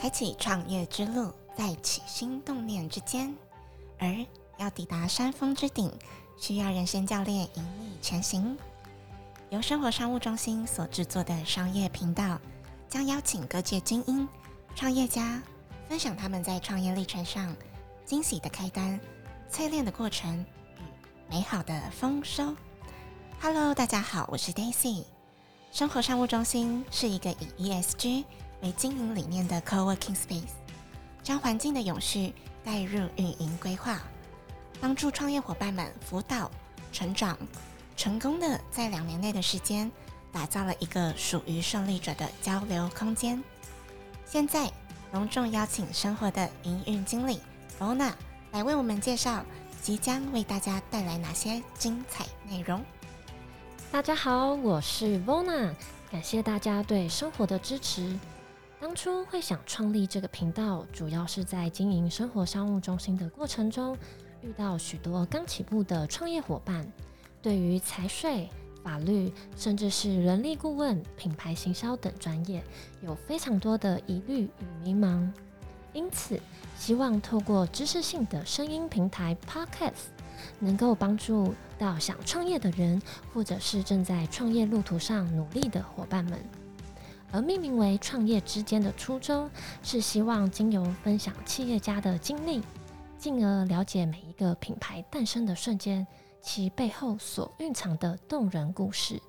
開啟創業之路，在起心動念之間；而要抵達山峰之頂，需要人生教練引你前行。由森活商務中心所製作的商業頻道，將邀請各界精英、創業家，分享他們在創業歷程上驚喜的開端、淬煉的過程與美好的豐收。Hello，大家好，我是 Daisy。森活商務中心是一個以 ESG 為經營理念的 Coworking Space，將環境的永續帶入運營規劃，幫助創業夥伴們輔導成長，成功的在兩年內的時間，打造了一個屬於勝利者的交流空間。現在隆重邀請森活的營運經理 Vona 來為我們介紹，即將為大家帶來哪些精彩內容。大家好，我是 Vona，感謝大家對森活的支持。當初會想創立這個頻道，主要是在經營森活商務中心的過程中，遇到許多剛起步的創業夥伴，對於財稅、法律，甚至是人力顧問、品牌行銷等專業，有非常多的疑慮與迷茫。因此，希望透過知識性的聲音平台 Podcast，能夠幫助到想創業的人，或者是正在創業路途上努力的夥伴們。而命名為“創業之間”的初衷，是希望經由分享企業家的經歷，進而了解每一個品牌誕生的瞬間，其背後所蘊藏的動人故事。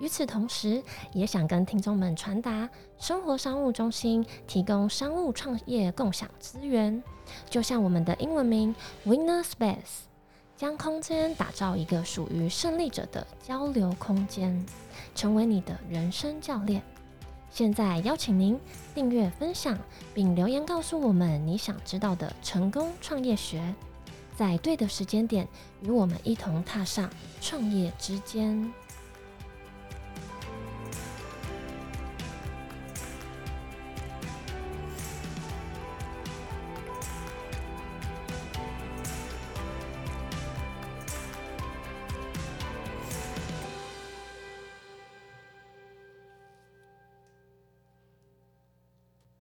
與此同時，也想跟聽眾們傳達，森活商務中心提供商務創業共享資源，就像我們的英文名 “Winner Space”，將空間打造一個屬於勝利者的交流空間，成為你的人生教練。現在邀請您訂閱、分享，並留言告訴我們你想知道的成功創業學，在對的時間點與我們一同踏上創業之間。